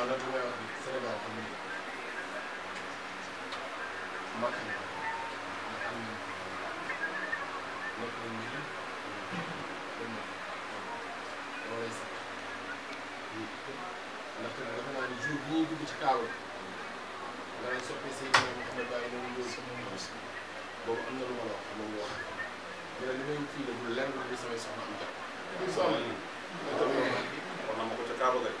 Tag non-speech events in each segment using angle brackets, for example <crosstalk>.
Sénégal nag li may wax nii Sénégal xam nga mag ñi nga xam ne nekk nañu nii dem na loolay sax ndaxte nag dafa naa ni jour bi ñuy dugg ci kaaw nga ne soppi si ñoom Mouhamed Baye ñoom ñëw si ñoom ñëw si boobu am na lu ma la wax am na lu wax ñu ne li may fii de bu leer na li samay soxna am jàpp. am na solo kon na ma ko ca Kaaba Gueye.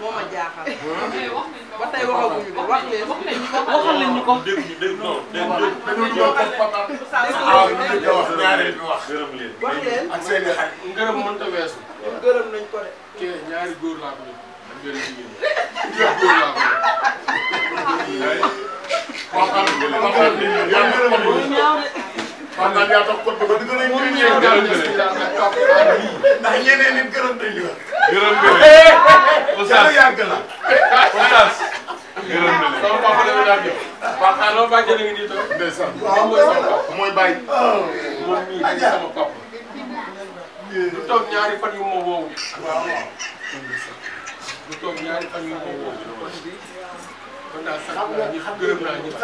moo ma jaaxal. ba tey waxaguñu ko wax leen. waxal leen ñu ko. dégg ñu dégg non dégg ñu ñoo xam ne wax ñaareel bi wax. gërëm leen wax leen ak seen i xarit. ngërëm mënta weesu. gërëm nañ ko de. kii ñaari góor laa ko def. ngërëm jigéen ñi ñaari góor laa ko def. waxal waxal man yaa tax code ba gën a ñëw daal di ndax ñeneen nit gërëm nañ la. gërëm nga leen. oustaz yàgg la. oustaz. gërëm nga leen. sama papa dafa daan ñëw. waaw xanaa bàjjee na nga nii toog. ndeysaan waaw mooy sama papa mooy bàyyi. moom mii di sama papa. du toog ñaari fan yu ma woowu. waaw waaw. du toog ñaari fan yu ma woowu. kon daal sant naa ñëpp gërëm naa ñëpp.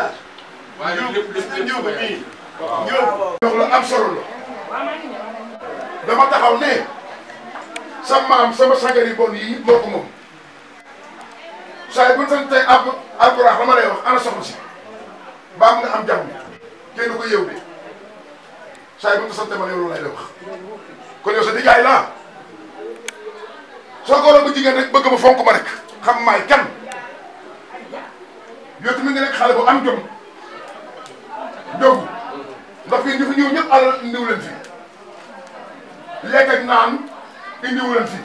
waaye lépp lépp lépp ñëw jox la am solo la dama taxaw ne sa maam sama sangari bon yi moo ko moom saa bu ñu santee ab alxuraan dama lay wax ana soxna si baam nga am jàmm kenn ko yeew de saa yi bu ñu santee ma ne loolu la wax kon yow sa nijaay laa soo ko bu jigéen rek bëgg ma fonk ma rek xam maay kan yow tamit nga xale bu am jom ndax fii ñu fi ñëw ñëpp alal indiwu leen fi lekk ak naan indiwu leen fi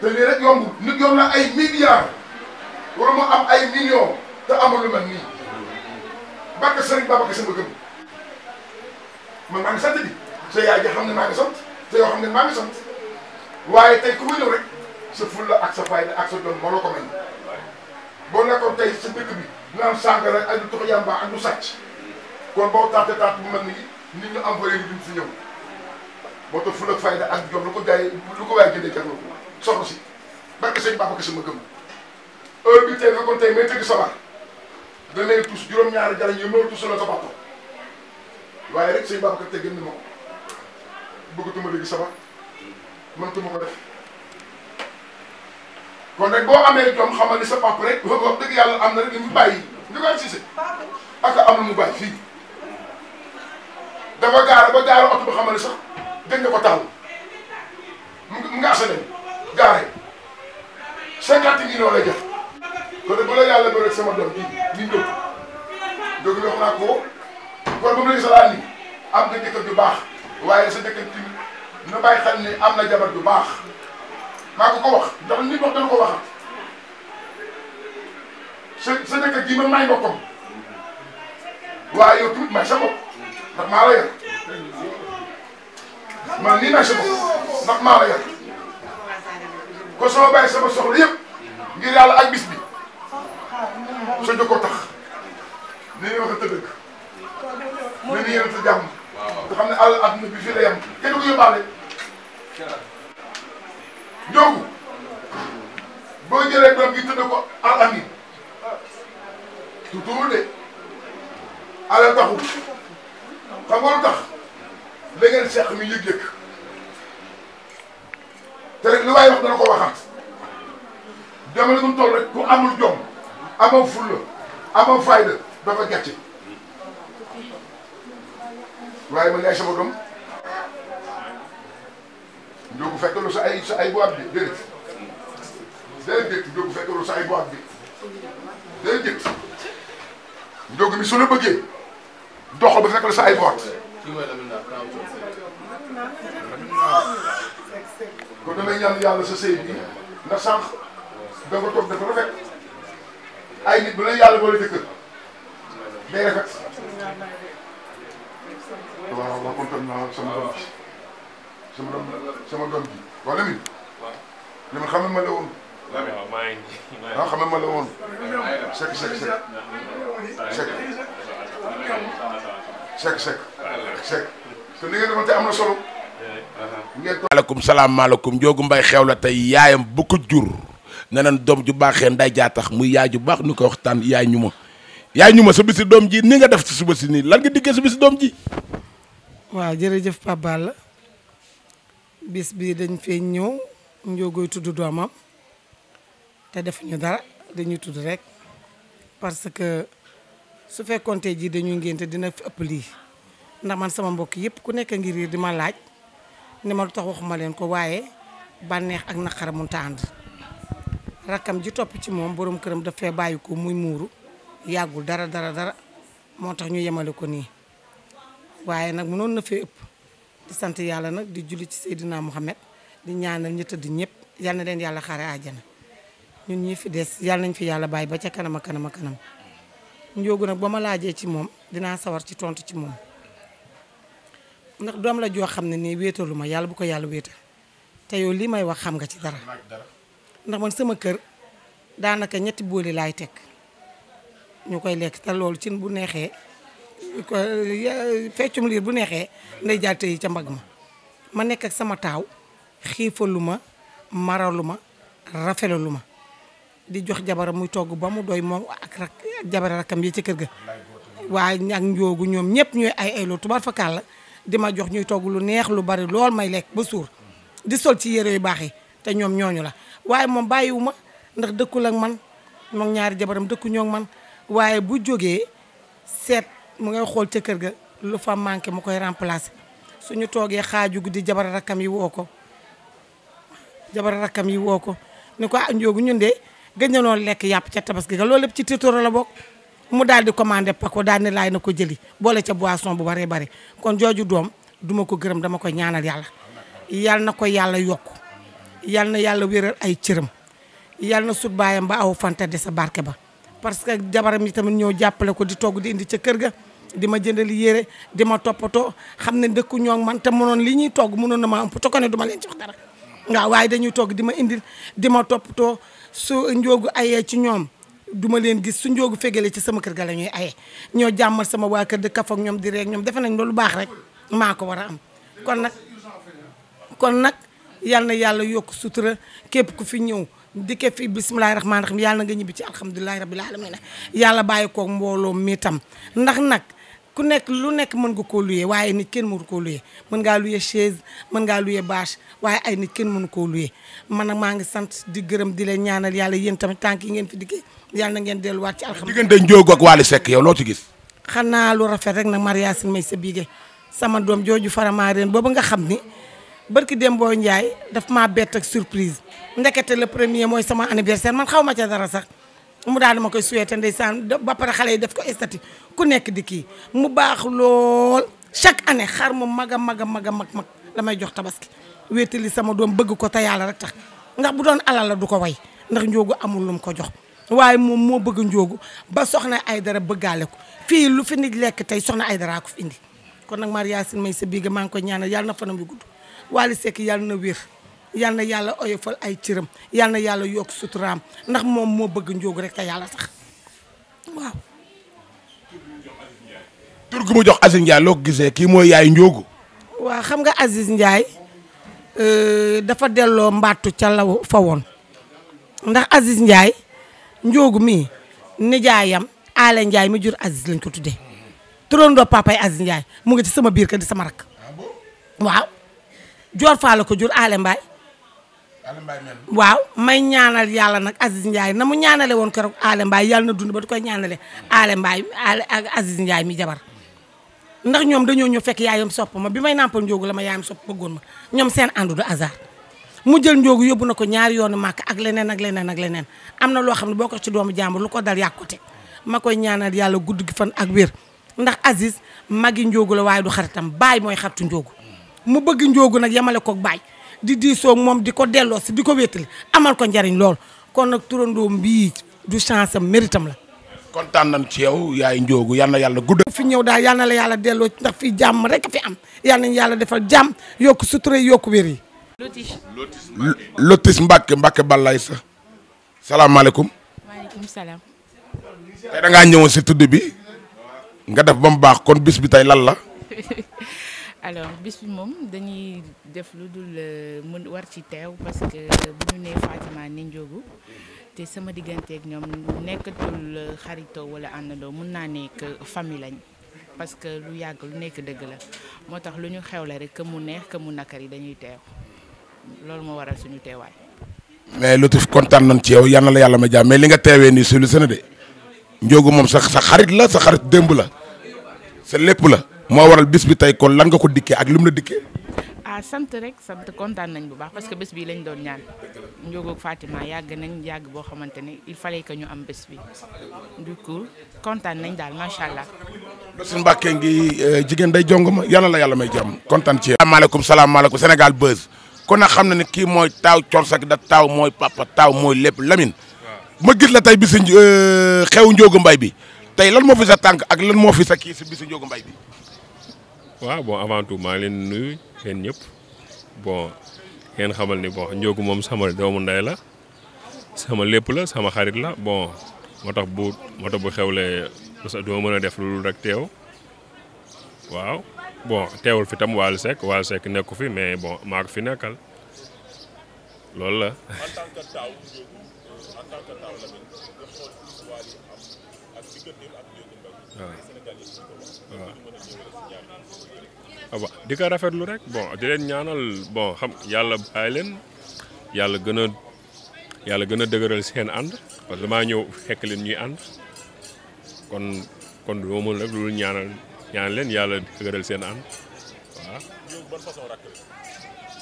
te lii rek yombul nit yomb na ay milliards wala mu am ay millions te amul lu mel nii barke Sëriñ Babacar sama gëm man maa ngi sant di sa yaay ji xam ne maa ngi sant te yoo xam ne maa ngi sant waaye tey ku ma ñëw rek sa fulla ak sa fayda ak sa doon moo ko may boo nekkoon tey sa dëkk bi naan sàngara ak du tox yàmba ak du sàcc. kon boo tàtte tàtte bu mel nii nit ñu envoyé bi duñ fi ñëw moo tax fula fayda ak jom lu ko jaay lu ko waay jëndee jar na ko soxna si barke sëñ Baba kese ma gëm heure bi tey nga kon tey may tëgg sabar danay tus juróom-ñaari jarañ yi mënul tus la tabato waaye rek sëñ Baba kese gën na ma ko bëggatuma léegi sabar ko def kon boo amee jom xamal ni sa papa yàlla am na rek li mu bàyyi ñu koy sise am na mu bàyyi fii dafa gaara ba gaara oto bi xam ne sax gën nga ko taxaw mu nga asale gaare cinquante millions lay jox kon bu la yàlla bëree sama doom bi ñu jóg jóg wax naa ko kon bu mu la am nga jëkkër ju baax waaye sa jëkkër ci na am na jabar ju baax maa ko ko wax ndax nit wax dana ko waxat sa sa jëkkër ji ma may boppam waaye yow may sa bopp ndax maa la yor man nii naa si bopp maa la yor kon sama bàyyi sama soxla yëpp ngir yàlla ak bis bi sa jokkoo tax ni ñuy wax a tëddëgg na ñu yéen a jàmm nga xam ne àll àdduna bi fii la yem kenn du ko yóbbaale ñoogu boo jëlee doom gi tëdd ko al amin tuutuwul de ala taxul xam nga lu tax la ngeen seq mi yëg-yëg te lu waay wax dana ko waxaat jamono bu mu toll rek ku amul jom amoo fulla amoo fayda dafa gàcce waaye man yaay sama doom njóobu fekk lu sa ay sa ay bu ab bi déedéet déedéet lu sa ay bu ab bi déedéet njóobu mi su toxal ba fekk la sa ay boot. kon damay ñaan yàlla sa sëy bi ndax sànq da nga toog dafa rafet ay nit bu la yàlla boole dëkk day rafet. waaw waaw kontaan naa sama doom bi sama doom sama doom bi waaw Lamine. Lamine xam ma la woon. waaw maa ngi ah xam ma la woon. sekk sekk sekk sekk. Seck Seck. Seck te ni ngeen salaam maaleykum Njoogu Mbay xew la tey yaayam bu jur ne leen doom ju baaxee nday jaa tax muy yaay ju baax nu ko waxtaan yaay ñu ma yaay ñu ma sa doom ji ni nga def ci suba si nii lan nga diggee sa bisi jërëjëf Pape bis bi dañ fee ñëw Njoogoy tudd doomam te defuñu dara dañuy tudd rek parce que. su fekkoon jii dañuy ngénte dina fi ëpp lii ndax man sama mbokk yëpp ku nekk ngir riir di ma laaj ni ma lu tax waxuma leen ko waaye bànneex ak naqara mun ta ànd rakkam ji topp ci moom borom këram dafay bàyyi ko muy muuru yàggul dara dara dara moo tax ñu yemale ko nii waaye nag mënoon na fee ëpp di sant yàlla nag di julli ci Seydina Muhammad di ñaanal ñi tëdd ñëpp yal leen yàlla xare àjjana ñun ñi fi des yal nañ fi yàlla bàyyi ba ca kanam kanama kanam njóogu nag ba ma laajee ci moom dinaa sawar ci tontu ci moom ndax doom la joo xam ne nii wéetalu ma yàlla bu ko yàlla wéetal te yow li may wax xam nga ci dara ndax man sama kër daanaka ñetti booli laay teg ñu koy lekk te loolu cin bu neexee ko feccum liir bu neexee nday jaate yi ca mbag ma ma nekk ak sama taaw xiifalu ma maralu ma rafetalu ma di jox jabaram muy togg ba mu doy moom ak rak jabara rakam yi ci kër ga waaye ak njoogu ñoom ñëpp ñooy ay ay lu tubar fakàll di ma jox ñuy togg lu neex lu bari lool may lekk ba suur di sol ci yére yu baax yi te ñoom ñooñu la waaye moom bàyyiwu ma ndax dëkkul ak man moom ñaari jabaram dëkku ñoo man waaye bu jógee seet mu ngay xool ca kër ga lu fa manqué mu koy su ñu toogee xaaju guddi jabar rakkam yi woo ko jabar rakkam yi woo ko gëj na loolu lekk yàpp ca tabaski ga loolu lépp ci tiitooro la bokk mu daal di commandé pako daal ne laay na ko jëli boole ca boisson bu baree bari kon jooju doom duma ko gërëm dama koy ñaanal yàlla yal na ko yàlla yokk yal na yàlla wéral ay cëram yàlla na sut baayam ba aw fanta de sa barke ba parce que jabaram yi tamit ñoo jàppale ko di togg di indi ca kër ga di ma jëndal yére di ma toppatoo xam ne dëkku ñoo man te mënoon li ñuy togg mënoon na ma am poto ko ne duma leen dara waaw di ma indil di ma toppatoo su njoogu ayee ci ñoom duma leen gis su njoogu fegalee ci sama kër ga la ñuy aye ñoo jàmmal sama waa kër di kaf ñoom di reeg ñoom defe nañ loolu baax rek maa ko war a am kon nag kon nag yal na yàlla yokk sutura képp ku fi ñëw dikkee fi bisimilahi rahmaani rahim yàlla nga ñibbi ci alhamdulilahi rabil alamina yàlla bàyyi kook mbooloo mi tam ndax nag ku nekk lu nekk mën nga koo luyee waaye nit kenn mënu koo luyee mën ngaa luyee chaise mën ngaa luyee bâche waaye ay nit kenn mënu koo luye man nag maa ngi sant di gërëm di leen ñaanal yàlla yéen tamit tànk yi ngeen fi dikkee yàlla na ngeen delluwaat ci alxam diggante Ndiogou ak Wally Seck yow loo ci gis xanaa lu rafet rek nag Maria Sine may sa bigee sama doom jooju farama reen boobu nga xam ni dem boo Ndiaye daf maa bett ak surprise ndekete le premier mooy sama anniversaire man xaw ma ca dara sax mu daal dama koy souhaité ndeysaan ba pare xale yi def ko estati ku nekk di kii mu baax lool chaque année xar mu mag a mag a mag a mag mag la may jox tabaski wéetali sama doom bëgg ko te yàlla rek tax ndax bu doon alal la du ko way ndax njóogu amul lu mu ko jox waaye moom moo bëgg njóogu ba soxna ay dara bëggaale ko fii lu fi nit lekk tey soxna ay daraa ko indi kon nag Marie Yacine may sa biiga maa ngi koy ñaana yàlla na fanam yu gudd Wally Seck yàlla na wér yal na yàlla oyofal ay cëram yal na yàlla yokk suturaam ndax moom moo bëgg njóogu rek te yàlla sax waaw. tur gu mu jox Aziz Ndiaye loo gisee kii mooy yaay njóogu. waaw xam nga Aziz Ndiaye euh, dafa delloo mbattu ca la woon ndax Aziz Ndiaye njóogu mii nijaayam Aale Ndiaye mi jur Aziz lañ ko tuddee turandoo papay Aziz Ndiaye mu ngi ci sama biir kër di sama rak ah waaw. Joor Faal ko jur Aale Mbaye waaw may ñaanal yàlla nag Aziz Ndiaye na mu ñaanale woon keroog Aale Mbaye yàlla na dund ba du koy ñaanale Aale Mbaye ak Aziz Ndiaye mi jabar ndax ñoom dañoo ñëw fekk yaayam sopp ma bi may nàmpal njoogu la ma yaayam sopp bëggoon ma ñoom seen àndu du hasard mu jël njóogu yóbbu na ko ñaari yoonu màkk ak leneen ak leneen ak leneen am na loo xam ne boo ko ci doomu jàmbur lu ko dal yàqute ma koy ñaanal yàlla gudd gi fan ak wér ndax Aziz magi njóogu la waaye du xaritam baay mooy xaritu njóogu mu bëgg njóogu nag yemale koog baay di diisoog moom di ko delloo si di ko wétali amal ko njariñ lool kon nag turandoom bii du chance am la kontaan nañ ci yow yaay njoogu yal na yàlla gudd fi ñëw daal yal la yàlla delloo ndax fii jàmm rek fi am yal nañ yàlla defal jàmm yokku sutura yokku wér yi lotis lotis Mbacke Mbacke Balaye sa salaamaaleykum maaleykum salaam ngaa ñëwoon si tudd bi nga def ba mu baax kon bis bi tey lan la <laughs> alors bis bi moom dañuy def lu dul euh, mën war ci teew parce que bu ñu nee Fatima ni Ndiogou te sama digganteeg ñoom nekkatul euh, xaritoo wala àndandoo mun naa nekk famille lañ parce que lu yàgg lu nekk dëgg la moo tax lu ñu xewle rek que mu neex que mu yi dañuy teew loolu moo waral suñu teewaay. mais Latif kontaan nañ ci yow yal na la yàlla ma jàmm mais li nga teewee nii solution de Ndiogou moom sa sa xarit la sa xarit démb la sa lépp la. moo waral bis bi tey kon lan nga ko dikkee ak lim la dikkee. ah sant rek sant kontaan nañ bu baax parce que bés bi lañ doon ñaan Ndiogo Fatima yàgg nañ yàgg boo xamante ne il fallait que ñu am bés bi du coup kontaan nañ daal macha allah. Ndeye Mbacke ngi euh, jigéen day jong ma yàlla la yàlla may jàmm kontaan ci yéen. salaamaaleykum salaamaaleykum Sénégal buzz kon nag xam na ne kii mooy taaw corsak da taaw mooy papa taaw mooy lépp lamin ma gis la tey bisu euh, xew Ndiogo mbay bi tey lan moo fi sa tànk ak lan moo fi sa bis si mbay Ndiogo bi. waaw bon avant tout maa ngi leen nuyu yéen ñëpp bon ngeen xamal ni bon Ndiogou moom sama doomu ndey la sama lépp la sama xarit la bon moo tax bu moo tax bu xewlee duma mën a def lu dul rek teew waaw bon teewul fi tam Wally Seck Wally Seck nekku fi mais bon maa ko fi nekkal loolu la. waaw. waaw ah, di ko rafetlu rek bon di leen ñaanal bon xam yàlla bàyyi leen yàlla gën yàlla gën a dëgëral seen ànd parce fekk leen ñuy ànd kon kon doo mën rek loolu leen yàlla dëgëral seen ànd waaw.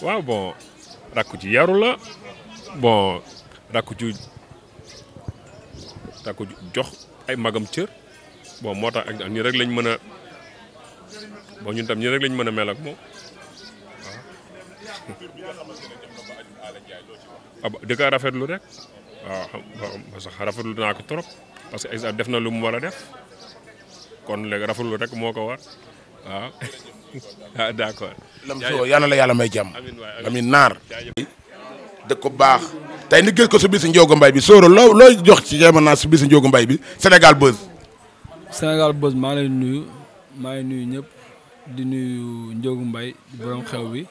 waaw bon rakku ci yaru la bon rakku ci jox ay magam cër bon moo tax ak nii rek lañ mën a. boo ñun tam ñi rek lañ mën a mel moom waaw. di ko rafetlu rek waaw ah, sax rafetlu naa ko trop parce que def na lu mu war a def kon léegi rafetlu rek moo ko war waaw ah. <laughs> ah d'accord. Lamso yàlla la yàlla may jàmm. amiin naar. dëkk ko baax. tey ni gën ko su bisu Ndiogu Mbaye bi Soro loo loo jox ci jéem naa su bisu Ndiogu bi Sénégal buzz. Sénégal buzz maa ngi nuyu maa ngi nuyu ñëpp. di nuyu Ndiogou Mbaye borom xew bi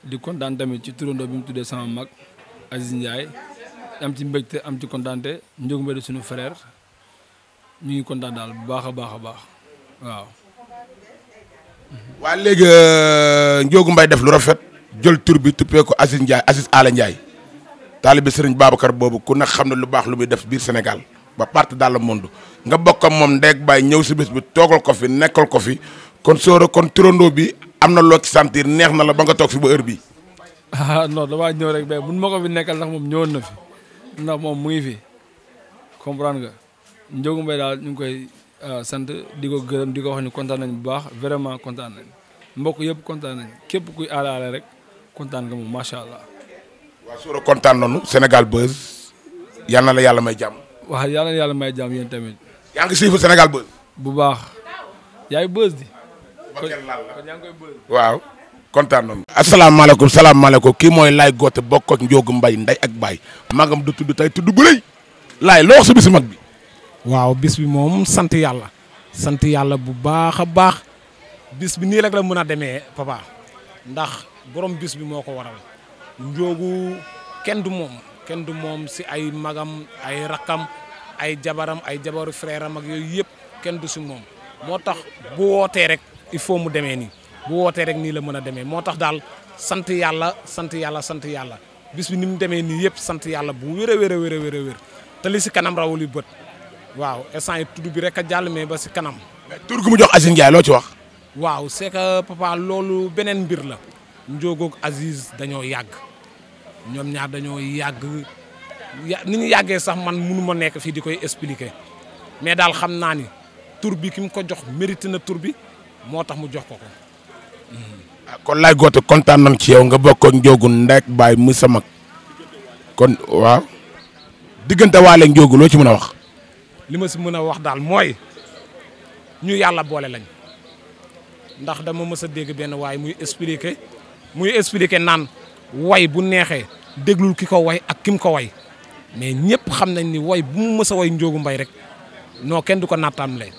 di kontaan tamit ci turandoo bi mu tuddee sama mag Aziz Ndiaye am ci mbégte am ci kontaante Ndiogou Mbaye suñu frère ñu ngi bu baax a baax a baax waaw. waa léegi euh, Ndiogou def lu rafet jël tur bi tuppee ko Aziz Ndiaye Aziz Ala Ndiaye taalibe Serigne Babacar boobu ku nekk xam ne lu baax lu muy def biir Sénégal ba partout daal le monde nga bokk ak moom ndeeg bàyyi ñëw si bés bi toogal ko fi nekkal ko fi. kon soro kon turandoo bi am na loo ci sentir neex na la ba nga toog fi ba heure bi ah non damaa ñëw rek mais mun ma ko fi nekkal ndax moom ñëwoon na fi ndax moom muy fi comprendre nga Ndiogou Mbaye daal ñu ngi koy euh, sant di ko gërëm di ko wax ni kontaan nañ bu baax vraiment kontaan nañ mbokk yëpp kontaan nañ képp kuy aale aale rek kontaan nga moom macha allah. waaw Sooro kontaan nañu Sénégal Buzz yal na la yàlla may jàmm. waaw yal yàlla may jàmm yéen tamit. yaa Sénégal Buzz. bu baax yaay Buzz di. waaw kontaan noonu. asalaamaaleykum salaamaaleykum kii mooy Laay Goote bokk ak Njóogu Mbay nday ak baay. magam du tudd tey tudd bu rëy laay loo wax sa bisu mag bi. waaw bis bi moom sant yàlla. sant yàlla bu baax a baax. bis bi nii rek la mën a demee papa. ndax borom bis bi moo ko waral. Njóogu kenn du moom kenn du moom si ay magam ay rakkam ay jabaram ay jabaru frère am ak yooyu yëpp kenn du si moom moo tax bu wootee rek. il faut mu demee nii bu wootee rek nii la mën a demee moo tax daal sant yàlla sant yàlla sant yàlla bis bi ni mu demee nii yëpp sant yàlla bu wér a wér a wér a wér a si kanam rawul yu bët waaw instant yi tudd bi rek a jàll mais ba si kanam. tur gu mu jox Aziz loo ci wax. waaw c'est que loolu beneen mbir la. Ndiogoog Aziz dañoo yàgg ñoom ñaar dañoo yàgg ni ñu yàggee sax man mënu nekk fii di koy expliquer mais daal xam naa ni tur bi ki mu ko jox mérité na tur bi. moo tax mu jox ko ah, kon laay goote kontaan nañ ci yow nga bokkoon njóogu ndek baay mu sa mag kon waaw diggante waale njóogu loo ci mën a wax. li ma si mën a wax daal mooy ñu yàlla boole lañ ndax dama mës a dégg benn waay muy expliquer muy expliquer naan way bu neexee déglul ki ko way ak kim ko way mais ñëpp xam nañ ni way bu mu mës way njóogu mbay rek noo kenn du ko nattaam lay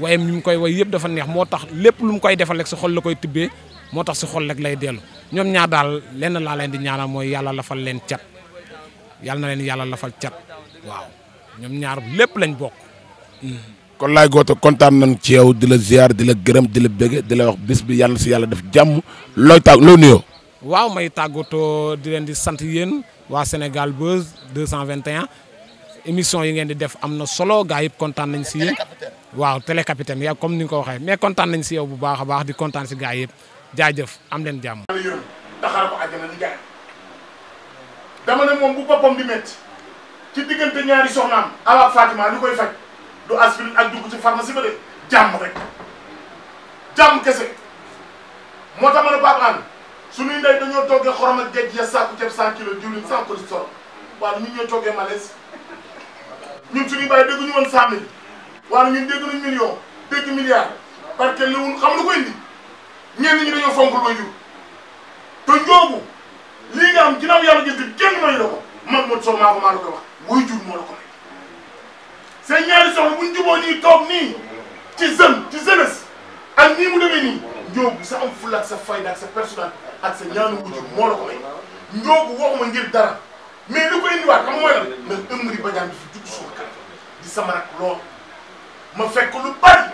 wayam ñu mu koy way yëpp dafa neex moo tax lépp lu mu koy defal rek si xol la koy tibbee moo tax si xol rek lay dellu ñoom ñaar daal lenn laa leen di ñaanal mooy yàlla lafal leen cat yàlla na leen yàlla lafal cat waaw ñoom ñaar lépp lañ bokk. kon laay gooto kontaan nañ ci yow di la ziar di la gërëm di la bëgge di la wax bis bi yàlla si yàlla def jàmm looy tàgg loo nuyoo. waaw may tàggatoo di leen di sant yéen waa Sénégal Buzz 221 émission yi ngeen di def am na solo gaa yëpp kontaan nañ si waaw télé capitaine yaa comme ni nga ko waxee mais kontaan nañ si yow bu baax a baax di kontaan si gaa yëpp jaajëf am leen jàmm. taxaar dama ne moom bu boppam di métti ci diggante ñaari soxnaam Awa ak Fatima lu koy faj du aspirine ak dugg ci pharmacie ba de jàmm rek jàmm kese moo tax ne Pape Hann suñuy ndey dañoo toggee xorom ak ya sàkku ceeb 100 kilos diwlin sans cholestérol waaw ñun ñoo toggee malaise ñun suñuy bàyyi dégguñu woon 100000. waaye ñun dégg nañ million dégg milliard parce que li wun xam lu ko indi ñenn ñi dañoo fonk looy jur te njoobu lii nga am ginnaaw yàlla gis di kenn mayu la ko man moo la ko may seen ñaari soxla buñ juboo nii toog nii ci jeune ci jeunesse ak nii mu demee nii njoobu sa am fulla ak sa fayda ak sa personnel ak sa ñaanu wujur moo la ko may njoobu waxuma ngir dara mais li ko indiwaat xam nga mooy lan nag ëmri bajaan bi fi jug suuf kan di sama rak lool ma fekk lu bari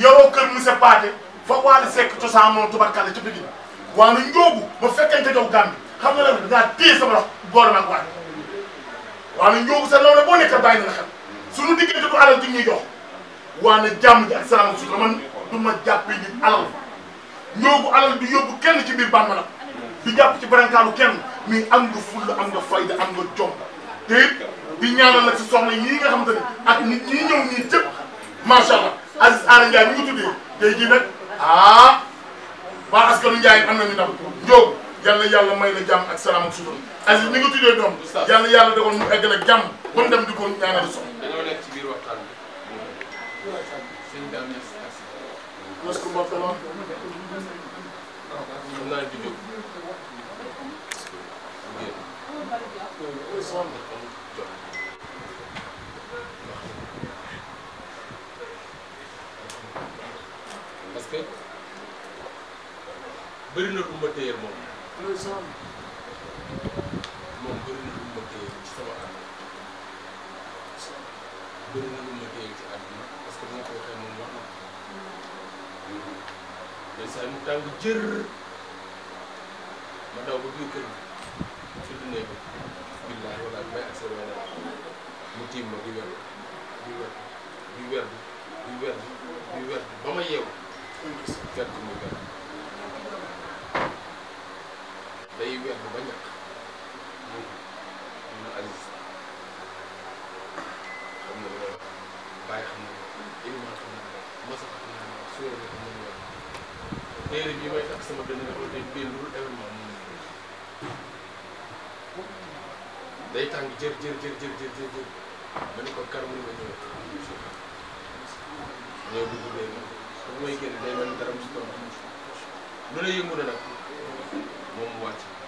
yow kër monsieur Pathé fa Waly Seck cosaan moom tubarkalla ci Pikine waaye nag Ndiobu ma fekkente jox Gambie xam nga nag dangaa téye sama loxo boole maag Waly waaye sa loolu la boo nekk bàyyi na la xam suñu diggante du alal di ñuy jox waaye nag jàmm ji ak salaam sutura man du ma jàppee nit alal Ndiobu alal du yóbbu kenn ci biir bàmmalam di jàpp ci barankaalu kenn mi am nga fulla am nga fayda am nga jom te it di ñaanal nag si soxna yi nga xam te ne ak nit ñi ñëw ñii jëpp macha allah Aziz Aara Ndiaye mi ngi tuddee tey jii nag ah waa askanu Ndiaye am nañu ndam Ndiob yàlla yàlla mi ngi tuddee doom yàlla yàlla dogal mu egg nag jàmm ba mu dem di ko ñaanal soxla. dañoo nekk ci biir waxtaan bi. sëñ bi am na si taxi. mos ko mbokk la. xam naa ne du jóg. bëri na lu téye moom. moom bëri na lu ma téye ci sama àdduna. bëri na lu ma téye ci àdduna parce que bu ma ko waxee moom wax na ko. mais saa mu tàng ma daw ba biir kër gi ci lu nekk billaay wala may ak sa wala mu tiim ma di wer di wer di wer di wer di wer ba ma yeewu fekk mu wer weer ba ñàkk mun na Aziz xam nga loolu xam nga élément xam naa masa xam bi may tax sama benn ne ko lu ne yëngu na nag moom mu wàcc